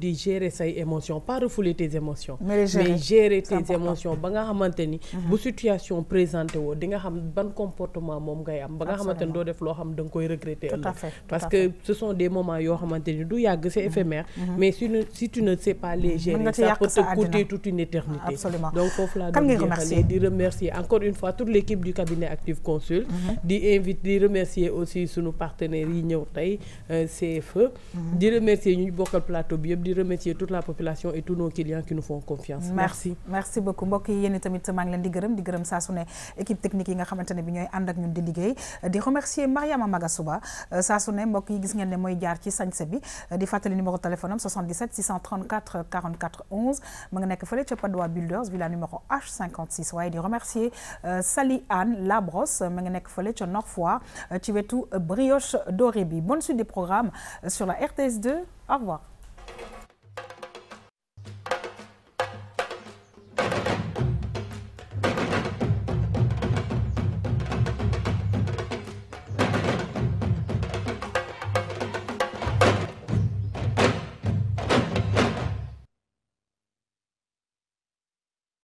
di gérer ses émotions pas refouler tes émotions mais gérer tes émotions ba nga xamante ni mhm. bu situation présenté woo di nga xam ban comportement moom ngay am ba nga xamante ni def xam koy regretter parce que ce sont des moments yoo xamante ni du yàgg c'est éphémère mais tu ne sais pas les gérer ça peut te coûter toute une éternité donc foofu laa doon jeexalee di remercier encore une fois toute l'équipe du cabinet Active Consul mhm. di invite di remercier aussi sunu partenaires yi ñëw tey euh, CFE mhm. di remercier ñu bokkal plateau bi yëpp di remercier toute la population et tous nos clients qui nous font confiance merci merci beaucoup mbokk yi yéen tamit maa ngi leen di gërëm di gërëm saa su équipe technique yi nga xamante ne bi ñooy ànd ak ñun di liggéey di remercier Mariama Magasuba saa su ne mbokk yi gis ngeen ne mooy jaar ci sañse bi di fàttali numéro téléphone am 77 600 34 44 11 Builders villa numéro H56 waaye di remercier euh, sally Anne Labros euh, mangnek fele nekk fële euh, brioche dorébi. bonne suite des programmes sur la RTS2 au revoir